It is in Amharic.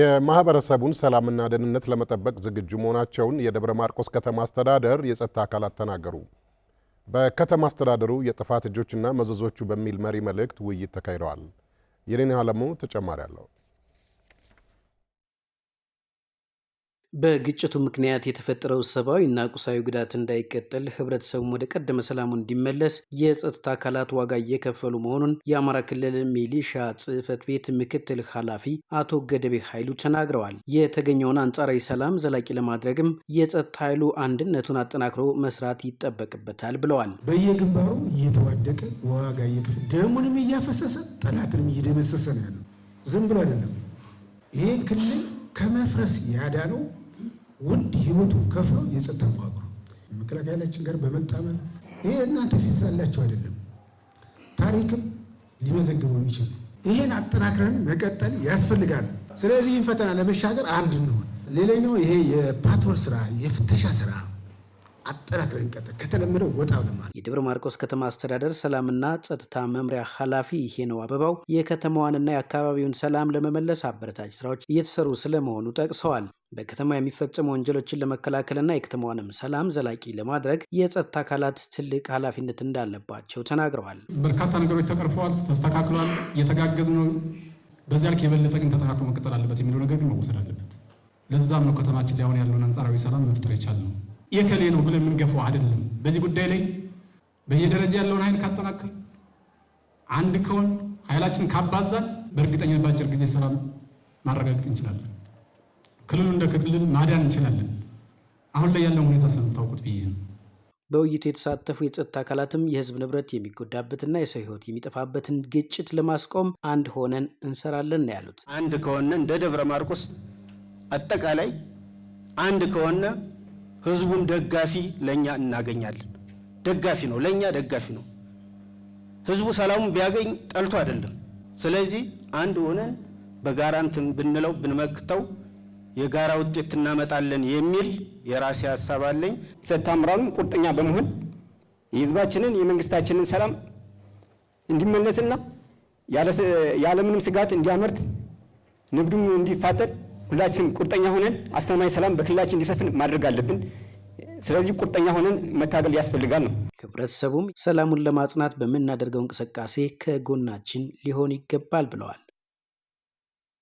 የማህበረሰቡን ሰላምና ደህንነት ለመጠበቅ ዝግጁ መሆናቸውን የደብረ ማርቆስ ከተማ አስተዳደር የጸጥታ አካላት ተናገሩ። በከተማ አስተዳደሩ የጥፋት እጆችና መዘዞቹ በሚል መሪ መልእክት ውይይት ተካሂደዋል። የኔን አለሙ ተጨማሪ አለው። በግጭቱ ምክንያት የተፈጠረው ሰብአዊ እና ቁሳዊ ጉዳት እንዳይቀጥል ህብረተሰቡም ወደ ቀደመ ሰላሙ እንዲመለስ የጸጥታ አካላት ዋጋ እየከፈሉ መሆኑን የአማራ ክልል ሚሊሻ ጽህፈት ቤት ምክትል ኃላፊ አቶ ገደቤ ኃይሉ ተናግረዋል። የተገኘውን አንጻራዊ ሰላም ዘላቂ ለማድረግም የጸጥታ ኃይሉ አንድነቱን አጠናክሮ መስራት ይጠበቅበታል ብለዋል። በየግንባሩ እየተዋደቀ ዋጋ እየከፈለ ደሙንም እያፈሰሰ ጠላትንም እየደመሰሰ ነው ያለው። ዝም ብሎ አይደለም ይሄ ክልል ከመፍረስ ያዳነው ውድ ህይወቱ ከፍሎ የጸጥታ መዋቅሩ መከላከያ ኃይላችን ጋር በመጣመር ይሄ እናንተ ፊት አይደለም፣ ታሪክም ሊመዘግበው የሚችል ይሄን አጠናክረን መቀጠል ያስፈልጋል። ስለዚህ ፈተና ለመሻገር አንድ እንሆን። ሌላኛው ይሄ የፓትሮል ስራ የፍተሻ ስራ አጠናክረን ቀጥል፣ ከተለመደው ወጣ ለማለት። የደብረ ማርቆስ ከተማ አስተዳደር ሰላምና ጸጥታ መምሪያ ኃላፊ ነው አበባው የከተማዋንና የአካባቢውን ሰላም ለመመለስ አበረታች ስራዎች እየተሰሩ ስለመሆኑ ጠቅሰዋል። በከተማ የሚፈጸሙ ወንጀሎችን ለመከላከልና የከተማዋንም ሰላም ዘላቂ ለማድረግ የጸጥታ አካላት ትልቅ ኃላፊነት እንዳለባቸው ተናግረዋል። በርካታ ነገሮች ተቀርፈዋል፣ ተስተካክሏል፣ እየተጋገዝ ነው። በዚያ ልክ የበለጠ ግን ተጠናክሮ መቀጠል አለበት የሚለው ነገር ግን መወሰድ አለበት። ለዛም ነው ከተማችን ላይ አሁን ያለውን አንጻራዊ ሰላም መፍጠር የቻልነው። የከሌ ነው ብለን የምንገፋው አይደለም። በዚህ ጉዳይ ላይ በየደረጃ ያለውን ኃይል ካጠናከር አንድ ከሆን ኃይላችን ካባዛን በእርግጠኛ በአጭር ጊዜ ሰላም ማረጋገጥ እንችላለን። ክልሉ እንደ ክልል ማዳን እንችላለን። አሁን ላይ ያለውን ሁኔታ ስለምታውቁት ብዬ ነው። በውይይቱ የተሳተፉ የጸጥታ አካላትም የህዝብ ንብረት የሚጎዳበትና የሰው ህይወት የሚጠፋበትን ግጭት ለማስቆም አንድ ሆነን እንሰራለን ነው ያሉት። አንድ ከሆነ እንደ ደብረ ማርቆስ አጠቃላይ አንድ ከሆነ ህዝቡም ደጋፊ ለኛ እናገኛለን። ደጋፊ ነው ለኛ ደጋፊ ነው። ህዝቡ ሰላሙን ቢያገኝ ጠልቶ አይደለም። ስለዚህ አንድ ሆነን በጋራ እንትን ብንለው ብንመክተው የጋራ ውጤት እናመጣለን የሚል የራሴ ሀሳብ አለኝ። ጸጥታ አመራሩም ቁርጠኛ በመሆን የህዝባችንን የመንግስታችንን ሰላም እንዲመለስና ያለምንም ስጋት እንዲያመርት ንግዱም እንዲፋጠን ሁላችንም ቁርጠኛ ሆነን አስተማማኝ ሰላም በክልላችን እንዲሰፍን ማድረግ አለብን። ስለዚህ ቁርጠኛ ሆነን መታገል ያስፈልጋል ነው። ህብረተሰቡም ሰላሙን ለማጽናት በምናደርገው እንቅስቃሴ ከጎናችን ሊሆን ይገባል ብለዋል።